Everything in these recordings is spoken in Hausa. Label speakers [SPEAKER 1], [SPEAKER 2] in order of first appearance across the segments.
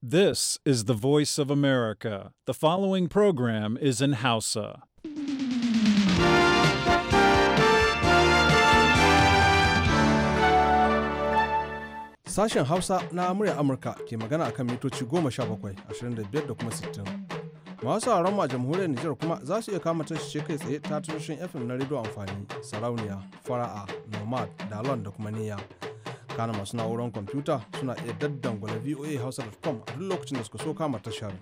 [SPEAKER 1] This is the voice of America. The following program is in Hausa.
[SPEAKER 2] Sashen Hausa na murya Amurka ke magana akan mitoci goma sha bakwai, ashirin da biyar kuma Ma Masu sauraron ma jamhuriyar Nijar kuma za su iya kama tashi kai tsaye ta tushen FM na rediyo amfani, sarauniya, fara'a, nomad, dalon da kuma niyya. kana masu na'urar kwamfuta suna iya daddangula voa hausa.com a duk lokacin da suka so kama tashar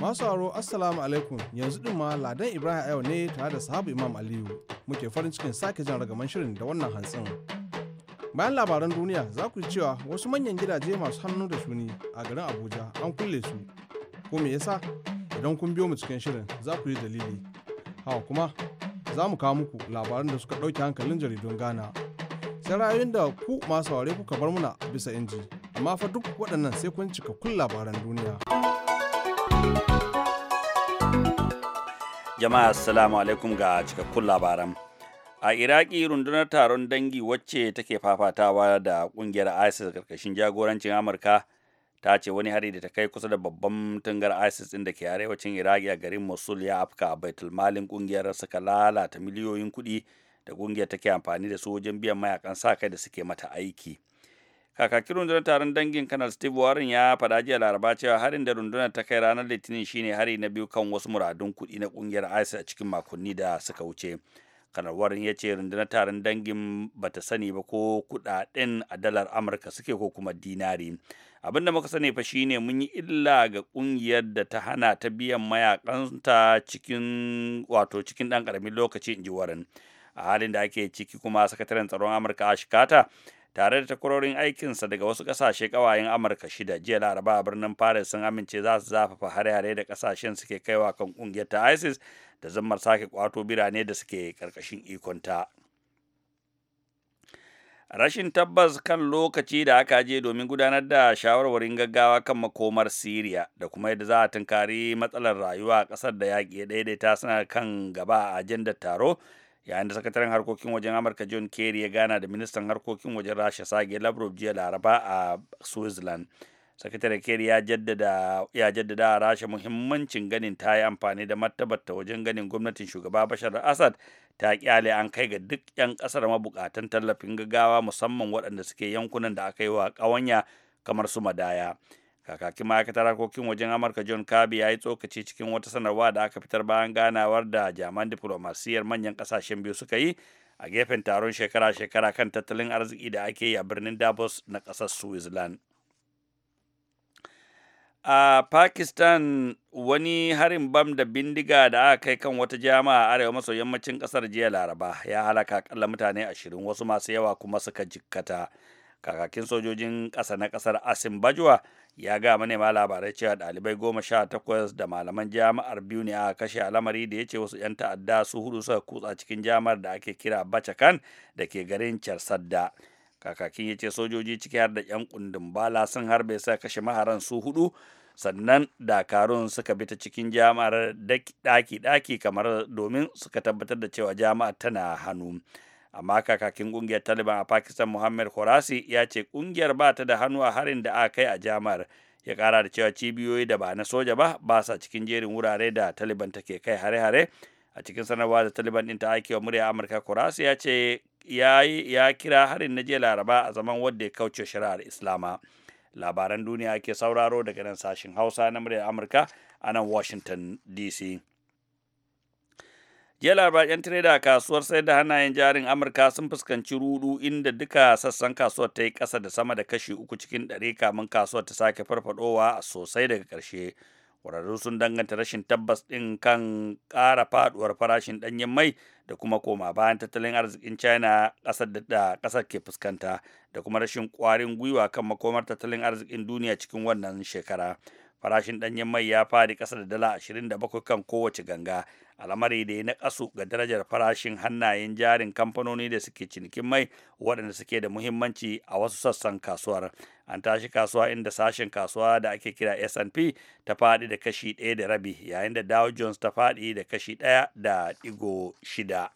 [SPEAKER 2] masu aro assalamu alaikum yanzu din ma ladan ibrahim yau ne tare da sahabu imam aliyu muke farin cikin sake jan ragaman shirin da wannan hantsin bayan labaran duniya za ku ji cewa wasu manyan gidaje masu hannu da shuni a garin abuja an kulle su ko me yasa idan kun biyo mu cikin shirin za ku yi dalili hawa kuma za mu kawo muku labaran da suka ɗauke hankalin jaridun Ghana. Sai ra'ayoyin da ku masu saurare kuka bar muna bisa inji. Amma fa duk waɗannan sai kun cika kun labaran duniya.
[SPEAKER 3] Jama'a assalamu alaikum ga cikakkun labaran. a iraki rundunar taron dangi wacce take fafatawa da kungiyar isis karkashin jagorancin amurka ta ce wani hari da ta kai kusa da babban tungar isis din da ke arewacin iraki a garin mosul ya afka baitul malin kungiyar suka lalata miliyoyin kuɗi da kungiyar take amfani da su wajen biyan mayakan sa kai da suke mata aiki kakakin rundunar taron dangin kanal steve warren ya faɗa jiya laraba cewa harin da rundunar ta kai ranar litinin shine hari na biyu kan wasu muradun kuɗi na kungiyar isis a cikin makonni da suka wuce kanar warren ya ce rundunar taron dangin bata sani ba ko kuɗaɗen a dalar amurka suke ko kuma dinari abin da muka sani fa shine mun yi illa ga kungiyar da ta hana ta biyan mayakanta cikin wato cikin dan karamin lokaci inji warin a halin da ake ciki kuma sakataren tsaron amurka ashikata tare da takwarorin aikinsa daga wasu kasashe kawayen amurka shida jiya laraba a birnin paris sun amince za su zafafa hare yare da kasashen suke kaiwa kan kungiyar ta isis da zammar sake kwato birane da suke karkashin ikonta. rashin tabbas kan lokaci da aka je domin gudanar da shawarwarin gaggawa kan makomar Siriya da kuma yadda za a tunkari matsalar rayuwa a ƙasar da yaƙi ya daidaita suna kan gaba a ajandar taro yayin da sakataren harkokin wajen Amurka John Kerry ya gana da ministan harkokin wajen Rasha Sage Lavrov jiya Laraba a Switzerland. sakatare keri ya jaddada ya jaddada rasha muhimmancin ganin ta yi amfani da martabar ta wajen ganin gwamnatin shugaba bashar assad ta kyale an kai ga duk 'yan kasar mabukatan tallafin gaggawa musamman waɗanda suke yankunan da aka yi wa kawanya kamar su madaya kakakin ma'aikatar harkokin wajen amurka john kirby ya yi tsokaci cikin wata sanarwa da aka fitar bayan ganawar da jaman diplomasiyar manyan kasashen biyu suka yi a gefen taron shekara-shekara kan tattalin arziki da ake yi a birnin davos na kasar switzerland A Pakistan wani harin bam da bindiga da aka kai kan wata jama'a a arewa maso yammacin kasar jiya Laraba ya halaka kalla mutane ashirin wasu masu yawa kuma suka jikkata. Kakakin sojojin ƙasa na ƙasar Asim Bajwa ya ga manema labarai cewa ɗalibai goma sha takwas da malaman jami'ar biyu ne a kashe a lamari da ya ce wasu 'yan ta'adda su hudu suka kutsa cikin jami'ar da ake kira bacakan da ke garin Charsadda. kakakin ya ce sojoji ciki har da 'yan kundin bala sun harbe sa kashe maharan su hudu sannan dakarun suka bi ta cikin jama'ar daki-daki kamar domin suka tabbatar da cewa jama'ar tana hannu amma kakakin kungiyar taliban a pakistan muhammad kurasi ya ce kungiyar ba ta da hannu a harin da aka kai a jama'ar ya kara da cewa cibiyoyi da ba na soja ba ba sa cikin jerin wurare da taliban take kai hare-hare a cikin sanarwa da taliban ɗin ta aikewa murya amurka kurasi ya ce ya kira harin na jiya laraba a zaman wadda ya kauce shari'ar islama labaran duniya ke sauraro daga nan sashen hausa na muryar amurka a nan washington dc jiya laraba yan tireda a kasuwar sayar da hannayen jarin amurka sun fuskanci rudu inda duka sassan kasuwar ta yi kasa da sama da kashi uku cikin ɗari kamin kasuwar ta sake farfadowa sosai daga ƙarshe kwararru sun danganta rashin tabbas ɗin kan ƙara faɗuwar farashin ɗanyen mai da kuma koma bayan tattalin arzikin china ƙasar da ƙasar ke fuskanta da kuma rashin ƙwarin gwiwa kan makomar tattalin arzikin duniya cikin wannan shekara farashin ɗanyen mai ya fadi ƙasa da dala 27 kan kowace ganga al'amari da ya na kasu ga darajar farashin hannayen jarin kamfanoni da suke cinikin mai waɗanda suke da muhimmanci a wasu sassan kasuwar an tashi kasuwa inda sashen kasuwa da ake kira S&P ta faɗi da kashi ɗaya da rabi yayin da Dow Jones ta faɗi da kashi ɗaya da ɗigo shida.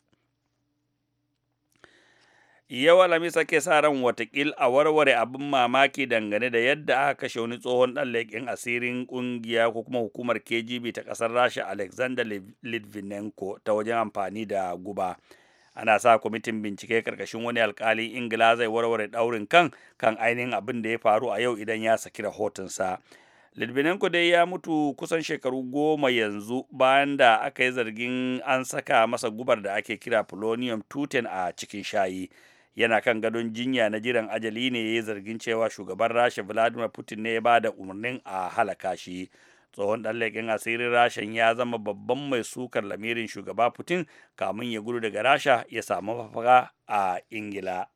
[SPEAKER 3] yawa lamisa ake sa ran watakil a warware abin mamaki dangane da yadda aka kashe wani tsohon dan leƙin asirin kungiya ko kuma hukumar KGB ta ƙasar Rasha Alexander Litvinenko ta wajen amfani da guba. Ana sa kwamitin bincike karkashin wani alkali Ingila zai warware daurin kan kan ainihin abin da ya faru a yau idan ya saki rahotonsa. Litvinenko dai ya mutu kusan shekaru goma yanzu bayan da aka yi zargin an saka masa gubar da ake kira polonium 210 a cikin shayi. yana kan gadon jinya na jiran ajali ne ya yi zargin cewa shugaban rasha vladimir putin ne ya ba da umarnin a halaka shi tsohon ɗan leƙen asirin rashan ya zama babban mai sukar lamirin shugaba putin kamun ya gudu daga rasha ya samu mafaka a ingila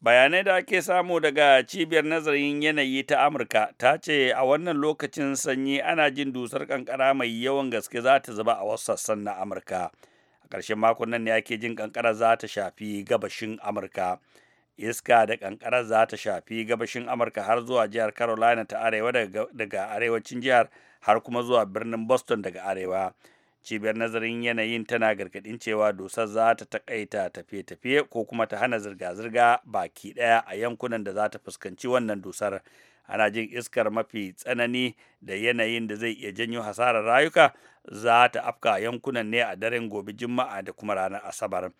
[SPEAKER 3] bayanai da ake samu daga cibiyar nazarin yanayi ta amurka ta ce a wannan lokacin sanyi ana jin dusar kankara mai yawan gaske za ta zuba a wasu sassan na amurka karshen makon nan ne ake jin kankara za ta shafi gabashin amurka iska da kankara za ta shafi gabashin amurka har zuwa jihar carolina ta arewa daga arewacin jihar har kuma zuwa birnin boston daga arewa cibiyar nazarin yanayin tana gargadin cewa dusar za ta takaita tafiye-tafiye ko kuma ta hana zirga-zirga baki ɗaya a yankunan da za ta fuskanci wannan dusar ana jin iskar mafi tsanani da yanayin da zai iya janyo hasarar rayuka za ta afka yankunan ne a daren gobe juma'a da kuma ranar asabar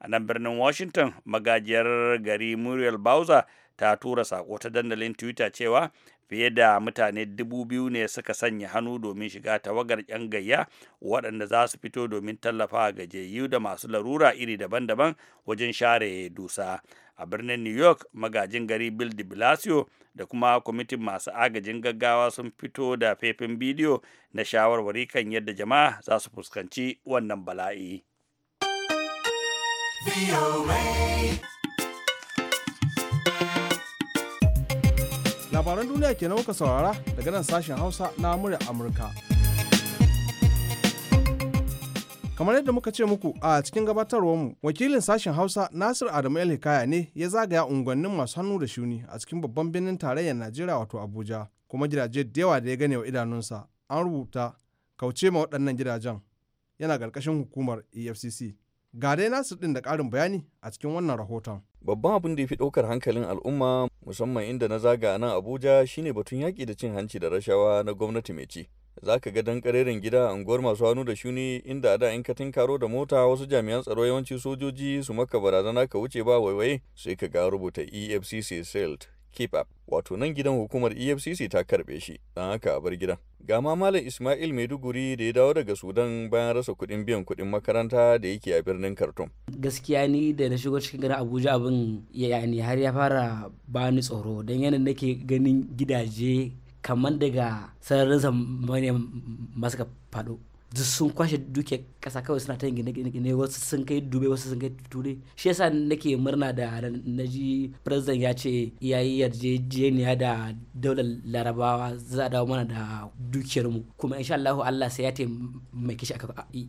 [SPEAKER 3] a nan birnin washington magajiyar gari muriel bowser ta tura sako ta dandalin twitter cewa fiye da mutane dubu biyu ne suka sanya hannu domin shiga tawagar 'yan gayya waɗanda za su fito domin tallafa gajiyayyu da masu larura iri daban-daban wajen share dusa a birnin new york magajin gari bill de blasio da kuma kwamitin masu agajin gaggawa sun fito da faifin bidiyo na shawarwari kan yadda jama'a za su fuskanci wannan bala'i
[SPEAKER 2] labaran duniya ke kuka saurara daga nan sashen hausa na murya amurka kamar yadda muka ce muku a cikin gabatarwar mu wakilin sashen hausa nasir adamu el hikaya ne ya zagaya unguwannin masu hannu da shuni a cikin babban birnin tarayyar najeriya wato abuja kuma gidaje da yawa da ya gane wa idanunsa an rubuta kauce ma waɗannan gidajen yana ƙarƙashin hukumar efcc ga dai nasir ɗin da ƙarin bayani a cikin wannan rahoton
[SPEAKER 4] babban abin da ya fi ɗaukar hankalin al'umma musamman inda na zaga nan abuja shine batun yaƙi da cin hanci da rashawa na gwamnati mai ci za ka ga dan karerin gida a unguwar masu hannu da shuni inda a da in ka tinkaro da mota wasu jami'an tsaro yawanci sojoji su maka barazana ka wuce ba waiwaye sai ka ga rubuta efcc silt keep up wato nan gidan hukumar efcc ta karbe shi don haka a bar gidan ga ma malam ismail maiduguri da ya dawo daga sudan bayan rasa kuɗin biyan kuɗin makaranta da yake a birnin khartoum
[SPEAKER 5] gaskiya ni da na shigo cikin garin abuja abin yani har ya fara bani tsoro don yanayin nake ganin gidaje kamar daga sararin samaniya masu ka faɗo duk sun kwashe duke kasa kawai suna ta gine-gine wasu sun kai dube wasu sun kai ture shi yasa nake murna da na ji president ya ce ya yi yarjejeniya da daular larabawa za a dawo mana da dukiyar mu kuma insha Allah Allah sai ya taimake shi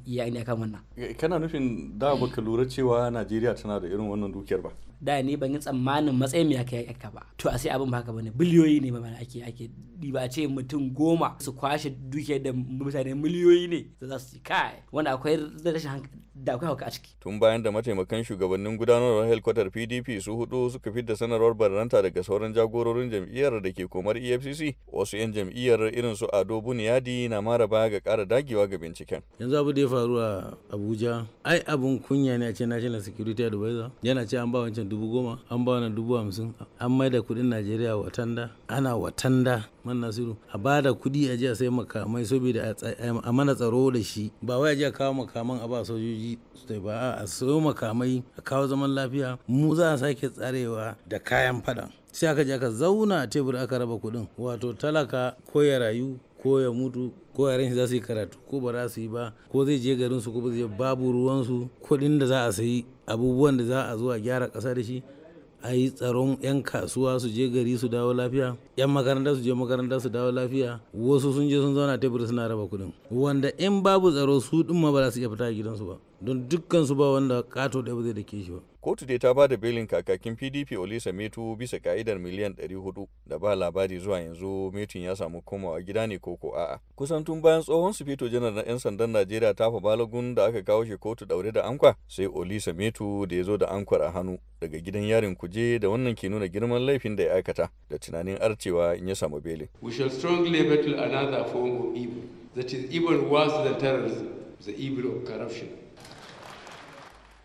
[SPEAKER 5] ya ne akan wannan
[SPEAKER 4] kana nufin da baka lura cewa Najeriya tana da irin wannan dukiyar ba
[SPEAKER 5] da ni ban yi tsammanin matsayin ya kai aka ba to a sai abin ba haka bane biliyoyi ne ba ake ake ba a ce mutum goma su kwashe dukiyar da mutane miliyoyi ne da za su yi kai wanda akwai rashin da akwai hauka a ciki.
[SPEAKER 4] Tun bayan da mataimakan shugabannin gudanarwar helkwatar PDP su hudu suka fidda sanarwar barranta daga sauran jagororin jam'iyyar da ke komar EFCC wasu 'yan jam'iyyar irin su Ado Buniyadi na mara baya ga kara dagewa ga binciken.
[SPEAKER 1] Yanzu abu da ya faru a Abuja ai abun kunya ne a ce National Security Advisor yana ce an ba wancan dubu goma an ba wannan dubu hamsin an maida kuɗin Najeriya watanda ana watanda man nasiru a ba da kuɗi a ji a sai makamai saboda a mana tsaro da shi ba wai a ji a kawo makaman a ba sojoji su ba a sayo makamai a kawo zaman lafiya mu za a sake tsarewa da kayan faɗan sai aka je aka zauna a tebur aka raba kuɗin wato talaka ko ya rayu ko ya mutu ko yaran shi za su yi karatu ko ba za su yi ba ko zai je garin su ko ba zai babu ruwansu kuɗin da za a sayi abubuwan da za a zo a gyara ƙasa da shi a yi tsaron 'yan kasuwa su je gari su dawo lafiya 'yan makaranta su je makaranta su dawo lafiya wasu sun je sun zauna tebur suna raba kuɗin wanda in babu tsaro su ɗin ma ba za su iya fita a gidansu ba don dukkan su ba wanda kato da ba zai dake shi ba
[SPEAKER 4] Kotu dai ta ba da belin kakakin PDP Olisa Metu bisa ka'idar miliyan 400 da ba labari zuwa yanzu metin ya samu komawa gida ne ko ko a'a. Kusan tun bayan tsohon su fito janar na 'yan sandan Najeriya ta fa balagun da aka kawo shi kotu daure da ankwa sai Olisa Metu da ya zo da ankwar a hannu daga gidan yarin kuje da wannan ke nuna girman laifin da ya aikata da tunanin arcewa in ya samu belin. We shall strongly
[SPEAKER 1] battle another form of evil that is even worse than terrorism, the evil of corruption.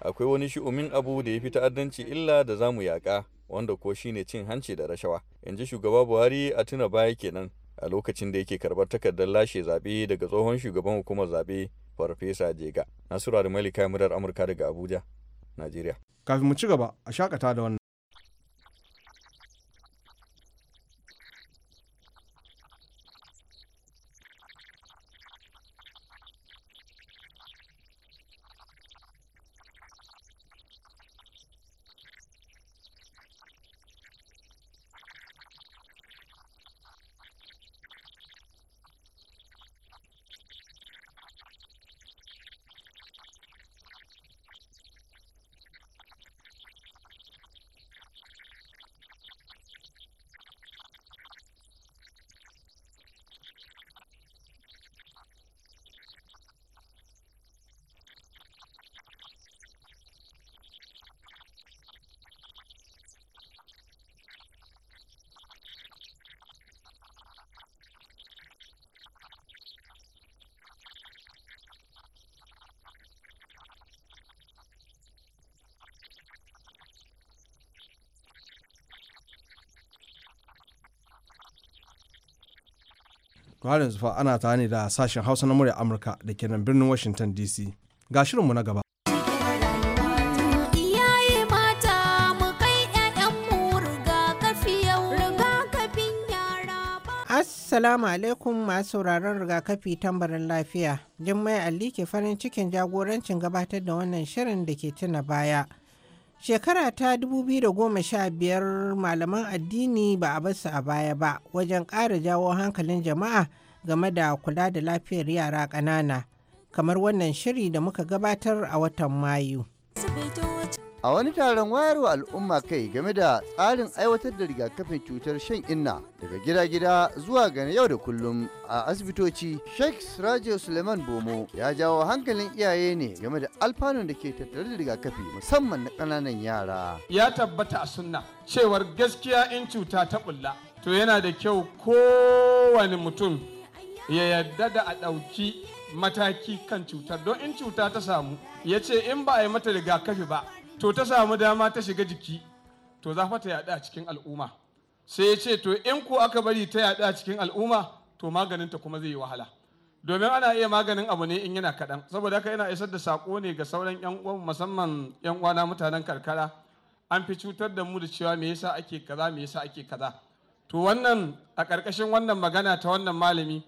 [SPEAKER 4] akwai wani shi'umin abu da ya fi ta'addanci illa da za mu yaƙa wanda ko shine cin hanci da rashawa in ji shugaba buhari a tuna baya kenan a lokacin da yake karɓar takardar lashe zaɓe daga tsohon shugaban hukumar zaɓe farfesa jega nasura da malika murar amurka daga abuja najeriya
[SPEAKER 2] kafin mu ci gaba a shakata da wannan to yanzu fa ana tare ne da sashen hausa na murya amurka da ke nan birnin washington dc ga shirinmu na gaba
[SPEAKER 5] Assalamu alaikum masu sauraron rigakafi tambarin lafiya. Jummai Ali ke farin cikin jagorancin gabatar da wannan shirin da ke tuna baya. Shekara ta 2015 malaman addini ba a basu a baya ba wajen ƙara jawo hankalin jama'a game da kula da lafiyar yara ƙanana, kamar wannan shiri da muka gabatar a watan Mayu. a wani taron wayarwa al'umma kai game da tsarin aiwatar da rigakafin cutar shan inna daga gida-gida zuwa ga yau da kullum a asibitoci sheikh sirajo suleiman bomo ya jawo hankalin iyaye ne game da alfanun da ke tattare da rigakafi musamman na ƙananan yara
[SPEAKER 6] ya tabbata a sunna cewar gaskiya in cuta ta bulla
[SPEAKER 5] to yana da kyau
[SPEAKER 6] kowane mutum ya yarda da a ɗauki mataki kan cutar don in cuta ta samu ya ce in ba a yi mata rigakafi ba to ta samu dama ta shiga jiki to za ta yaɗa a cikin al'umma sai ya ce to in ko aka bari ta yaɗa a cikin al'umma to maganinta kuma zai yi wahala domin ana iya maganin abu ne in yana kaɗan saboda haka yana isar da saƙo ne ga sauran 'yan uwan musamman 'yan uwana mutanen karkara an fi cutar da mu da cewa me yasa ake kaza me yasa ake kaza to wannan a ƙarƙashin wannan magana ta wannan malami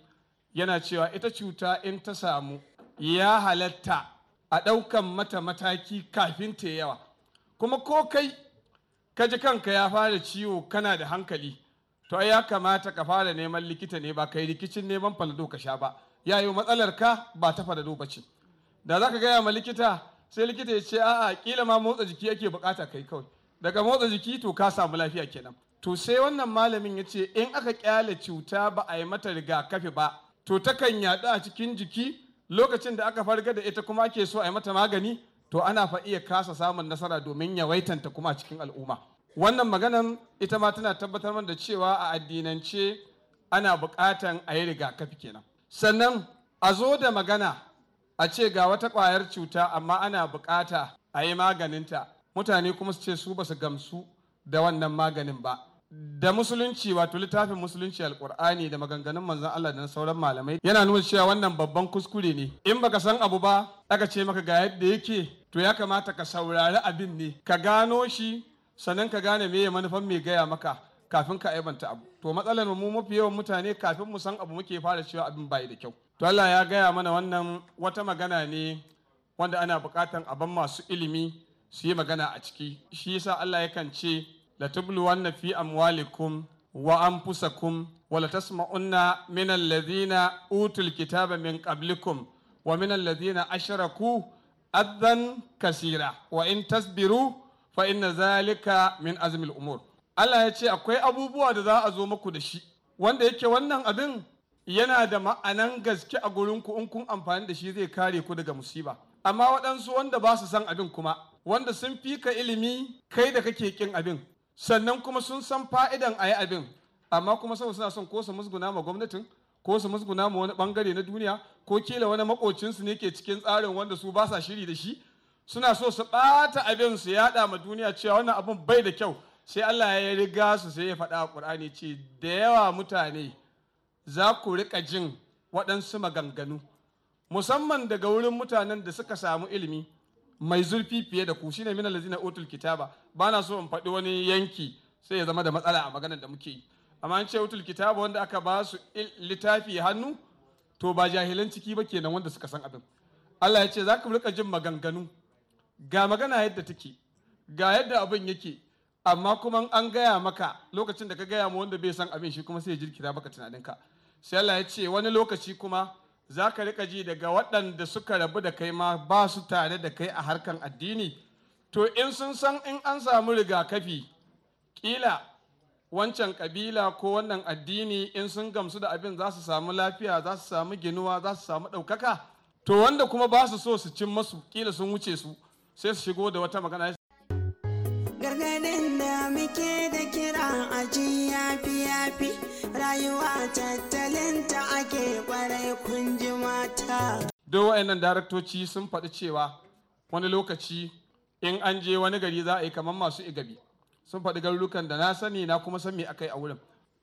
[SPEAKER 6] yana cewa ita cuta in ta samu ya halatta a ɗaukan mata mataki kafin ta yawa kuma ko kai ka ji kanka ya fara ciwo kana da hankali to ya kamata ka fara neman likita ne ba kai rikicin neman falado ka sha ba yayo matsalar ka ba ta falado ba ce da za ka gaya ma likita sai likita ya ce a'a kila ma motsa jiki yake bukata kai kawai daga motsa jiki to ka samu lafiya kenan to sai wannan malamin ya ce in aka kyale cuta ba a yi mata rigakafi ba to takan yaɗu a cikin jiki lokacin da aka farga da ita kuma ake so a yi mata magani to ana fa iya kasa samun nasara domin yawaitanta kuma cikin al'umma wannan maganan ita ma tana tabbatar mana da cewa a addinance ana buƙatan a yi rigakafi kenan sannan a zo da magana a ce ga wata ƙwayar cuta amma ana buƙata a yi maganinta mutane kuma su ce su ba su gamsu da wannan maganin ba da musulunci wato littafin musulunci alkur'ani da maganganun manzon Allah da sauran malamai yana nuna cewa wannan babban kuskure ne in baka san abu ba aka ce maka ga yadda yake to ya kamata ka saurari abin ne ka gano shi sannan ka gane me manufan me gaya maka kafin ka aibanta abu to matsalar mu mafi yawan mutane kafin mu san abu muke fara cewa abin bai da kyau to Allah ya gaya mana wannan wata magana ne wanda ana bukatan aban masu ilimi su yi magana a ciki shi yasa Allah yakan ce la tubluwanna fi amwalikum wa anfusakum wa la tasma'unna min alladhina utul kitaba min qablikum wa min alladhina ashraku adhan kasira wa in tasbiru fa zalika min azmi umur Allah ya ce akwai abubuwa da za a zo maku da shi wanda yake wannan abin yana da ma'anan gaske a gurinku in kun amfani da shi zai kare ku daga musiba amma waɗansu wanda ba su san abin kuma wanda sun fi ka ilimi kai da kake kin abin sannan kuma sun san fa'idan a yi abin amma kuma saboda suna son ko su musguna ma gwamnatin ko su musguna ma wani bangare na duniya ko kila wani makocinsu ne ke cikin tsarin wanda su ba sa shiri da shi suna so su ɓata abin su yaɗa ma duniya cewa wannan abin bai da kyau sai Allah ya riga su sai ya faɗa a Ƙur'ani ce da yawa mutane za ku riƙa jin waɗansu maganganu musamman daga wurin mutanen da suka samu ilimi mai zurfi fiye da ku shi ne min lazina utul kitaba ba na so in faɗi wani yanki sai ya zama da matsala a maganar da muke yi amma an ce utul kitaba wanda aka ba su littafi hannu to ba jahilan ciki ba kenan wanda suka san abin Allah ya ce za ka rika jin maganganu ga magana yadda take ga yadda abin yake amma kuma an gaya maka lokacin da ka gaya ma wanda bai san abin shi kuma sai ya jirkita maka tunaninka sai Allah ya ce wani lokaci kuma za ka rika ji daga waɗanda suka rabu da kai ma ba su tare da kai a harkan addini to in sun san in an samu rigakafi ƙila wancan ƙabila ko wannan addini in sun gamsu da abin za su samu lafiya za su samu ginuwa za su samu ɗaukaka to wanda kuma ba su so su cin masu ƙila sun wuce su sai su shigo da wata magana
[SPEAKER 5] gargaɗin da muke da kira a yafi yafi rayuwa tattalin ta ake kwarai kun ji mata
[SPEAKER 6] duk wayannan daraktoci sun faɗi cewa wani lokaci in an je wani gari za a yi kamar masu igabi sun faɗi garurukan da na sani na kuma san me aka a wurin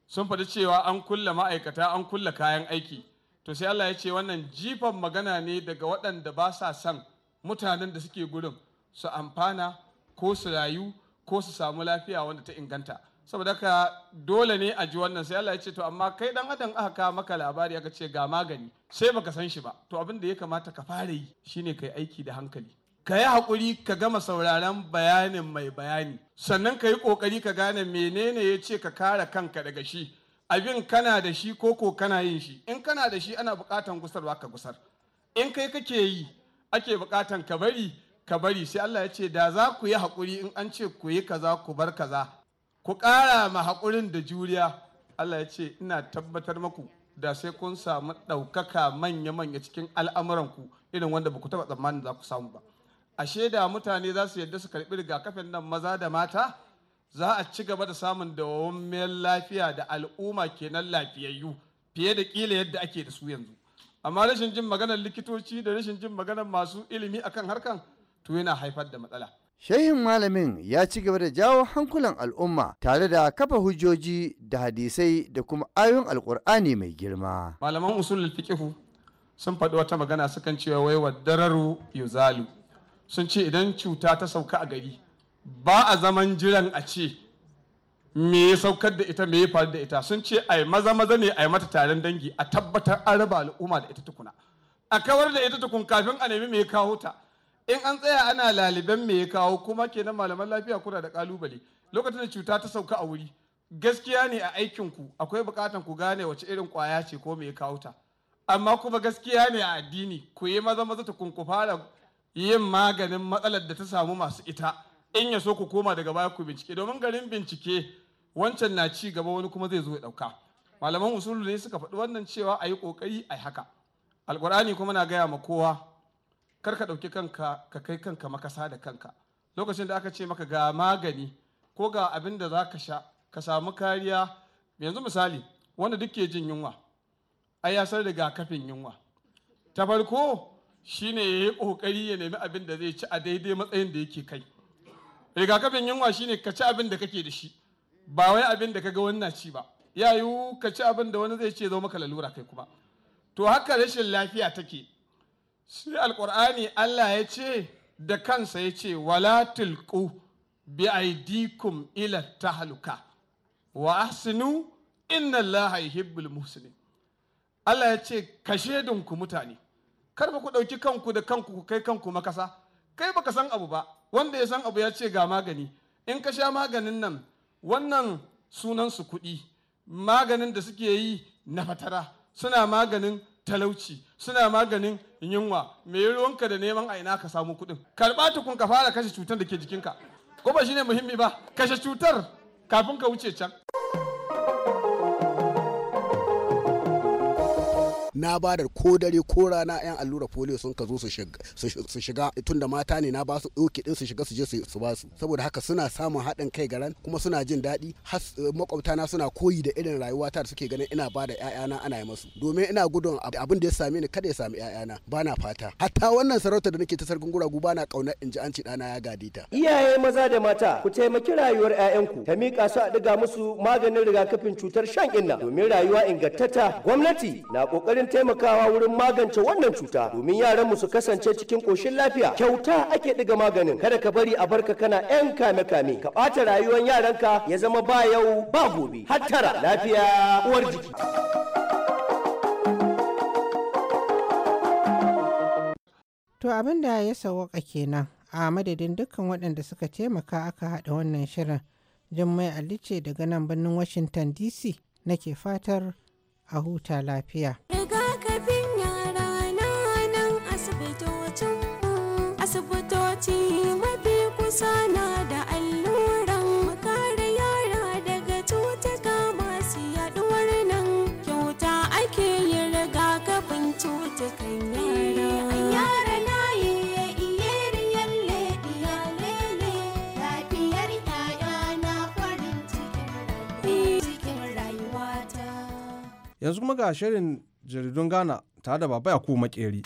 [SPEAKER 6] sun faɗi cewa an kulla ma'aikata an kulla kayan aiki to sai Allah ya ce wannan jifan magana ne daga waɗanda ba sa son mutanen da suke gurin su amfana ko su rayu ko su samu lafiya wanda ta inganta saboda ka dole ne a ji wannan sai Allah ya ce to amma kai dan adam aka kawo maka labari aka ce ga magani sai baka san shi ba to abin da ya kamata ka fara yi shine kai aiki da hankali ka yi haƙuri ka gama sauraron bayanin mai bayani sannan ka yi ƙoƙari ka gane menene ya ce ka kare kanka daga shi abin kana da shi ko ko kana yin shi in kana da shi ana buƙatan gusarwa ka gusar in kai kake yi ake buƙatan ka bari ka bari sai Allah ya ce da za ku yi hakuri in an ce ku yi kaza ku bar kaza ku ƙara ma haƙurin da juriya Allah ya ce ina tabbatar maku da sai kun samu ɗaukaka manya-manya cikin al'amuranku irin wanda ba ku taɓa tsammanin za ku samu ba a da mutane za su yadda su karɓi rigakafin nan maza da mata za a ci gaba da samun dawwammiyar lafiya da al'umma kenan lafiyayyu fiye da ƙila yadda ake da su yanzu amma rashin jin maganar likitoci da rashin jin maganar masu ilimi akan harkan to yana haifar da matsala
[SPEAKER 5] Shehin malamin ya ci gaba da jawo hankulan al'umma tare da kafa hujjoji da hadisai da kuma ayoyin alkur'ani mai girma.
[SPEAKER 6] Malaman usulul fiqhu sun faɗi wata magana sukan cewa wai ya yuzalu sun ce idan cuta ta sauka a gari ba a zaman jiran a ce me ya saukar da ita me ya faru da ita sun ce ai maza maza ne ai mata taron dangi a tabbatar an raba al'umma da ita tukuna a kawar da ita tukun kafin a nemi me ya kawo ta in an tsaya ana laliban me ya kawo kuma kenan malaman lafiya kuna da kalubale lokacin da cuta ta sauka a wuri gaskiya ne a aikin ku akwai bukatan ku gane wace irin kwaya ce ko me ya kawo ta amma kuma gaskiya ne a addini ku yi maza maza ta kunkufara yin maganin matsalar da ta samu masu ita in ya so ku koma daga baya ku bincike domin garin bincike wancan na ci gaba wani kuma zai zo ya dauka malaman usulu ne suka faɗi wannan cewa a yi ƙoƙari a haka alkurani kuma na gaya ma kowa kar ka ɗauki kanka ka kai kanka makasa da kanka lokacin da aka ce maka ga magani ko ga abin da za ka sha ka samu kariya yanzu misali wanda duk ke jin yunwa a yasar da kafin yunwa ta farko shine ya yi ƙoƙari ya nemi abin da zai ci a daidai matsayin da yake kai rigakafin yunwa shine ka ci abin da kake da shi ba wai abin da kaga wannan ci ba ya yiwu ka ci abin da wani zai ce zo maka lalura kai kuma to haka rashin lafiya take shi alkur'ani Allah ya ce da kansa ya ce wala tilku bi aidikum ila tahaluka wa asinu inna Allah yuhibbul muhsinin Allah ya ce kashe ku mutane kar ku ɗauki kanku da kanku ku kai kanku makasa kai baka san abu ba wanda ya san abu ya ce ga magani in ka sha maganin nan wannan sunansu su kuɗi maganin da suke yi na fatara suna maganin talauci suna maganin yunwa me ruwanka da neman a ina ka samu kuɗin karɓa tukun ka fara kashe cutar da ke jikinka ko ba shine muhimmi ba kashe cutar kafin ka wuce can.
[SPEAKER 5] na ba da ko dare ko rana yan allura polio sun ka zo su shiga tun da mata ne na ba su ɗauki ɗin su shiga su je su ba su saboda haka suna samun haɗin kai garan kuma suna jin daɗi na suna koyi da irin rayuwa ta da suke ganin ina ba da ƴaƴana ana yi masu domin ina gudun abin da ya same ni kada ya sami ƴaƴana ba na fata hatta wannan sarauta da nake ta sarkin guragu ba na ƙauna in ji an ci ɗana ya gade ta iyaye maza da mata ku taimaki rayuwar ƴaƴanku ta miƙa su a ɗiga musu maganin rigakafin cutar shan inna domin rayuwa ingantatta gwamnati na ƙoƙarin taimakawa wurin magance wannan cuta domin mu su kasance cikin koshin lafiya kyauta ake diga maganin kada ka bari a barka kana yan kame kame ka ɓata rayuwar yaranka ya zama ba yau ba gobe hattara lafiya uwar jiki To abin da ya sauwaka kenan a madadin dukkan waɗanda suka taimaka aka haɗa wannan shirin jummai alice daga nan birnin washington dc nake fatar a huta lafiya.
[SPEAKER 2] yanzu kuma ga shirin jaridun Ghana tare da baba ya makeri. makeri.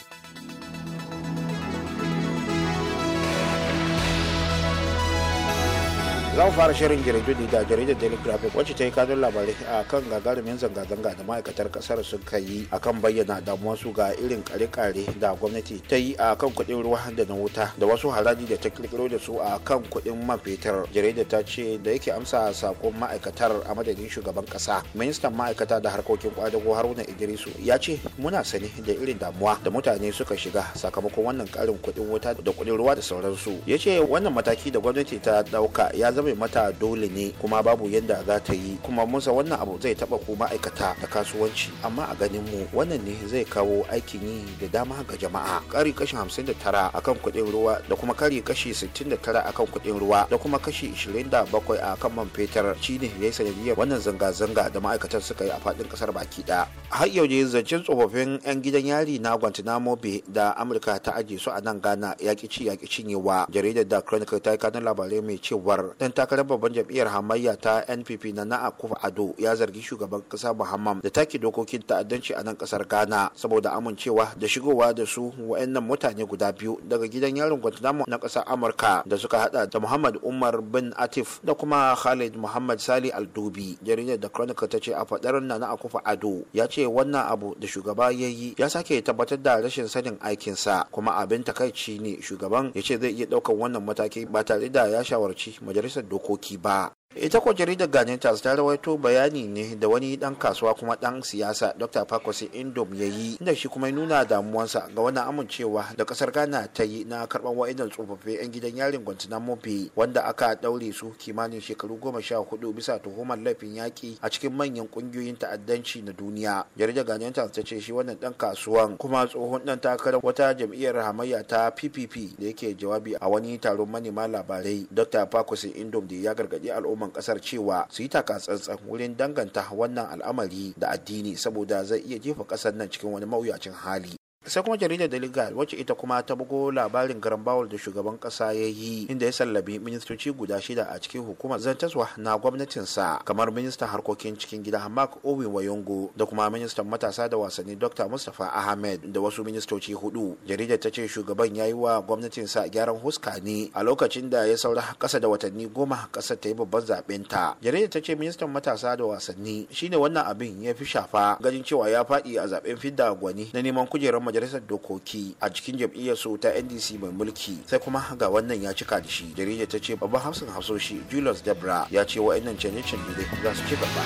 [SPEAKER 5] zan fara shirin jaridu da jaridar daily graphic wacce ta yi kanun labarai a kan gagarumin zanga-zanga da ma'aikatar kasar sun yi a kan bayyana su ga irin kare-kare da gwamnati ta yi a kan kuɗin ruwa da na wuta da wasu haraji da ta kirkiro da su a kan kuɗin man fetur jaridar ta ce da yake amsa sakon ma'aikatar a madadin shugaban kasa ministan ma'aikata da harkokin kwadago haruna idrisu ya ce muna sani da irin damuwa da mutane suka shiga sakamakon wannan karin kuɗin wuta da kuɗin ruwa da sauransu ya ce wannan mataki da gwamnati ta ɗauka ya zame mata dole ne kuma babu yadda za ta yi kuma musa wannan abu zai taba ko ma'aikata da kasuwanci amma a ganin mu wannan ne zai kawo aikin yi da dama ga jama'a kari kashi 59 akan kuɗin ruwa da kuma kari kashi 69 akan kuɗin ruwa da kuma kashi 27 a kan man fetur ne ya yi sanadiyar wannan zanga-zanga da ma'aikatan suka yi a faɗin ƙasar baki ɗaya har yau ne zancen tsofaffin 'yan gidan yari na guantanamo bay da amurka ta ajiye su a nan ghana yaƙi ci yaƙi cinyewa jaridar da chronicle ta yi kanun labarai mai cewar dan takarar babban jam'iyyar hamayya ta npp na na akufa ado ya zargi shugaban kasa muhammad da take dokokin ta'addanci a nan kasar ghana saboda amincewa da shigowa da su wa'annan mutane guda biyu daga gidan yarin guantanamo na kasar amurka da suka hada da muhammad umar bin atif da kuma khalid muhammad sali aldubi jaridar da chronicle ta ce a fadar na na'a akufa ado ya ce wannan abu da shugaba ya yi ya sake tabbatar da rashin sanin aikinsa kuma abin takaici ne shugaban ya ce zai iya ɗaukan wannan mataki ba tare da ya shawarci majalisar m a j a l i a o k o k i ba ita ko jaridar Ghanaian ta rawaito bayani ne da wani dan kasuwa kuma dan siyasa Dr. Fakwasi Indom ya yi inda shi kuma nuna damuwansa ga wani amincewa da kasar Ghana ta yi na karban wa'idan tsofaffi 'yan gidan yarin Guantanamo Bay wanda aka daure su kimanin shekaru goma sha hudu bisa tuhumar laifin yaki a cikin manyan kungiyoyin ta'addanci na duniya. Jaridar Ghanaian ta ce shi wannan dan kasuwan kuma tsohon dan takarar wata jam'iyyar hamayya ta PPP da yake jawabi a wani taron manema labarai Dr. Fakwasi Indom da ya gargadi al'umma hukuman kasar cewa su yi takatsantsan wurin danganta wannan al'amari da addini saboda zai iya jefa kasar nan cikin wani mawuyacin hali sai kuma jaridar da legal wacce ita kuma ta bugo labarin garan bawul da shugaban kasa ya yi inda ya sallabi ministoci guda shida a cikin hukumar zantaswa na gwamnatinsa kamar ministan harkokin cikin gida hamak owin wayongo da kuma ministan matasa da wasanni dr mustapha ahmed da wasu ministoci hudu jaridar ta ce shugaban ya yi wa gwamnatinsa gyaran huska ne a lokacin da ya saura kasa da watanni goma kasa ta yi babban zaben ta jaridar ta ce ministan matasa da wasanni shine wannan abin ya fi shafa ganin cewa ya faɗi a zaben fidda gwani na neman kujerar majalisar dokoki a cikin jam'iyyar su ta ndc mai mulki sai kuma ga wannan ya cika da shi jaridar ta ce babban hafsan hasoshi julius debra ya ce wa'annan canje-canje ne za su ci gaba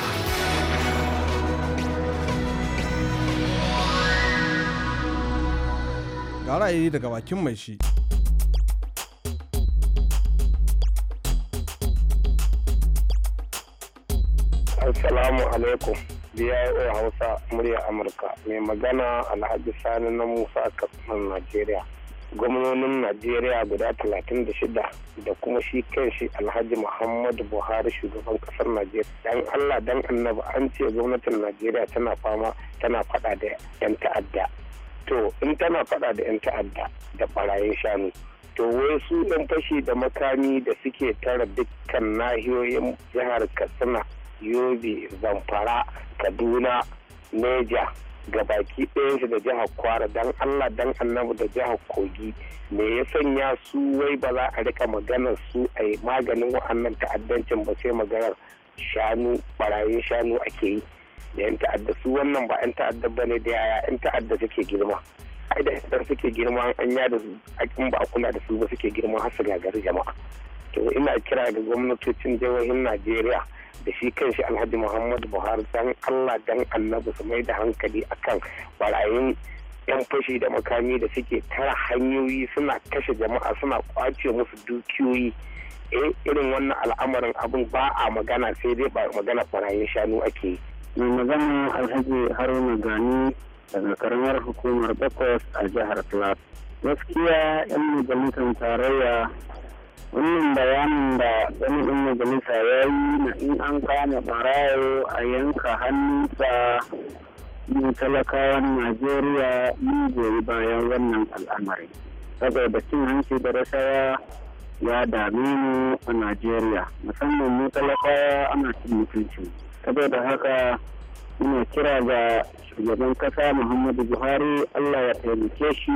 [SPEAKER 2] ga ra'ayi daga bakin mai shi
[SPEAKER 7] assalamu alaikum DIO Hausa murya Amurka mai magana Alhaji Sani na Musa Katsinan Najeriya. Gwamnonin Najeriya guda 36 da kuma shi kan shi Alhaji Muhammadu Buhari shugaban kasar Najeriya. Dan Allah dan annaba an ce gwamnatin Najeriya tana fama tana fada da 'yan ta'adda. To in tana fada da 'yan ta'adda da barayin shanu. to wai su dan fashi da makami da suke tara dukkan nahiyoyin jihar katsina yobe zamfara kaduna neja ga baki ɗaya da jihar kwara dan allah dan annabu da jihar kogi me ya sanya su wai ba za a rika maganar su a yi maganin wa'annan ta'addancin ba sai maganar shanu barayin shanu ake yi da yan ta'adda su wannan ba yan ta'adda ba ne da yaya yan ta'adda suke girma ai da yan suke girma an ya da akin ba a kula da su ba suke girma har su gagari jama'a to ina kira ga gwamnatocin jihohin najeriya da shi kanshi alhaji muhammadu buhari dan allah dan annabi su mai da hankali akan barayin yan fashi da makami da suke tara hanyoyi suna kashe jama'a suna kwace musu dukiyoyi eh irin wannan al'amarin abin ba a magana sai dai ba magana barayin shanu ake yi. mai magana alhaji haruna gani daga karamar hukumar bakwas a jihar plateau gaskiya 'yan majalisar tarayya wannan bayanin da wani ɗan majalisa ya yi na in an kama barawo a yanka hannunsa mu talakawan najeriya mun goyi bayan wannan al'amari saboda cin hanci da rasawa ya dame mu a najeriya musamman mu talakawa ana cin mutunci saboda haka muna kira ga shugaban kasa muhammadu buhari allah ya taimake shi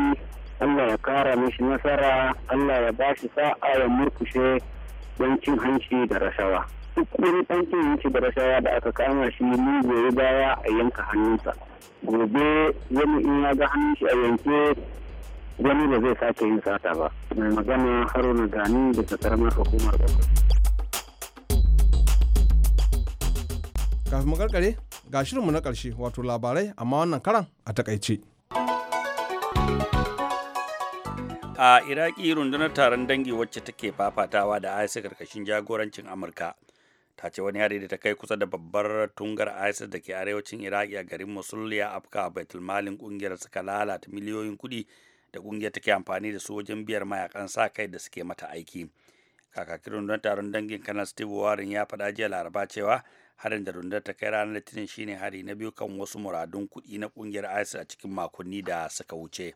[SPEAKER 7] Allah ya kara mishi nasara Allah ya bashi sa'a ya murkushe yancin hanci da rashawa duk wani ɗancin hanci da rashawa da aka kama shi ni goyi baya a yanka hannunsa gobe wani in ya ga hannun shi a yanke wani ba zai sake yin sata ba mai magana haruna gani daga karamar hukumar bakwai
[SPEAKER 2] kafin mu karkare ga shirinmu na ƙarshe wato labarai amma wannan karan a takaice.
[SPEAKER 3] a iraki rundunar taron dangi wacce take fafatawa da isis karkashin jagorancin amurka ta ce wani hari da ta kai kusa da babbar tungar isis da ke arewacin iraki a garin mosul ya afka baitulmalin kungiyar suka lalata miliyoyin kuɗi da kungiyar take amfani da su wajen biyar mayakan sa kai da suke mata aiki kakakin rundunar taron dangin kanar steve warren ya faɗa jiya laraba cewa harin da rundunar ta kai ranar litinin shine hari na biyu kan wasu muradun kuɗi na kungiyar isis a cikin makonni da suka wuce.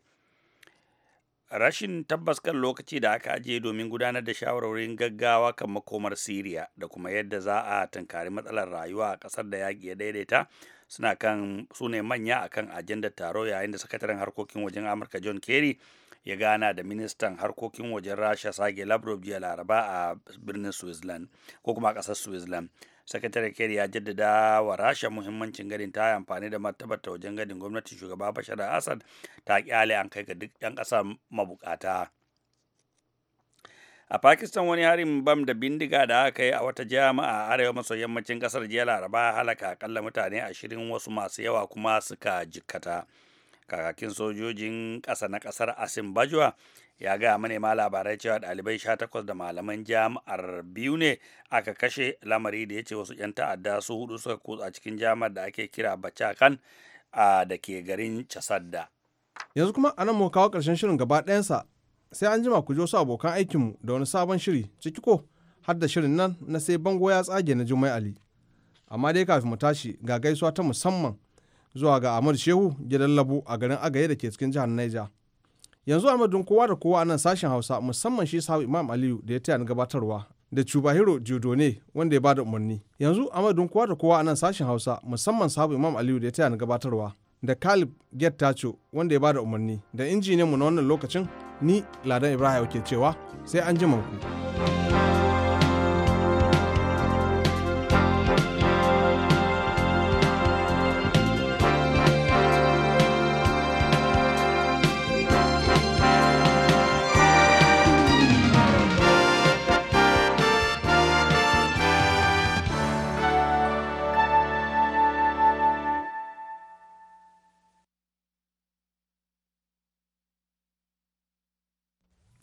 [SPEAKER 3] rashin tabbas kan lokaci da aka ajiye domin gudanar da shawarwarin gaggawa kan makomar siriya da kuma yadda za a tunkari matsalar rayuwa a kasar da yaƙi ya daidaita suna kan su ne manya akan ajandar taro yayin da sakataren harkokin wajen amurka john kerry ya gana da ministan harkokin wajen rasha sage lavrov jiya laraba a birnin switzerland ko kuma a ƙasar switzerland sakatare kerry ya jaddada wa rasha muhimmancin ganin ta yi amfani da martabar wajen ganin gwamnatin shugaba bashar assad ta kyale an kai ga duk 'yan ƙasa mabukata a pakistan wani harin bam da bindiga da aka yi a wata jami'a arewa maso yammacin kasar jiya laraba halaka akalla mutane ashirin wasu masu yawa kuma suka jikkata kakakin sojojin ƙasa na ƙasar asin bajwa ya gaya ma labarai cewa ɗalibai sha takwas da malaman jami'ar biyu ne aka kashe lamari da ya ce wasu 'yan ta'adda su hudu suka kutsa cikin jami'ar da ake kira bacakan a da ke garin casadda
[SPEAKER 2] yanzu kuma a nan mu kawo ƙarshen shirin gaba ɗayansa sai an jima ku jo wasu abokan aikinmu da wani sabon shiri ciki ko har da shirin nan na sai bango ya tsage na jumai ali amma dai kafin mu tashi ga gaisuwa ta musamman zuwa ga Ahmad Shehu gidan Labo a garin Agaye da ke cikin jihar naija Yanzu a madun kowa da kowa a nan sashen Hausa musamman shi sahu Imam Aliyu da ya taya ni gabatarwa da Cubahiro Jodone wanda ya bada umarni. Yanzu a madun kowa da kowa a nan sashen Hausa musamman sahu Imam Aliyu da ya taya ni gabatarwa da Kalib Get Tacho wanda ya bada umarni da injiniyanmu na wannan lokacin ni Ladan Ibrahim ke cewa sai an ji ku.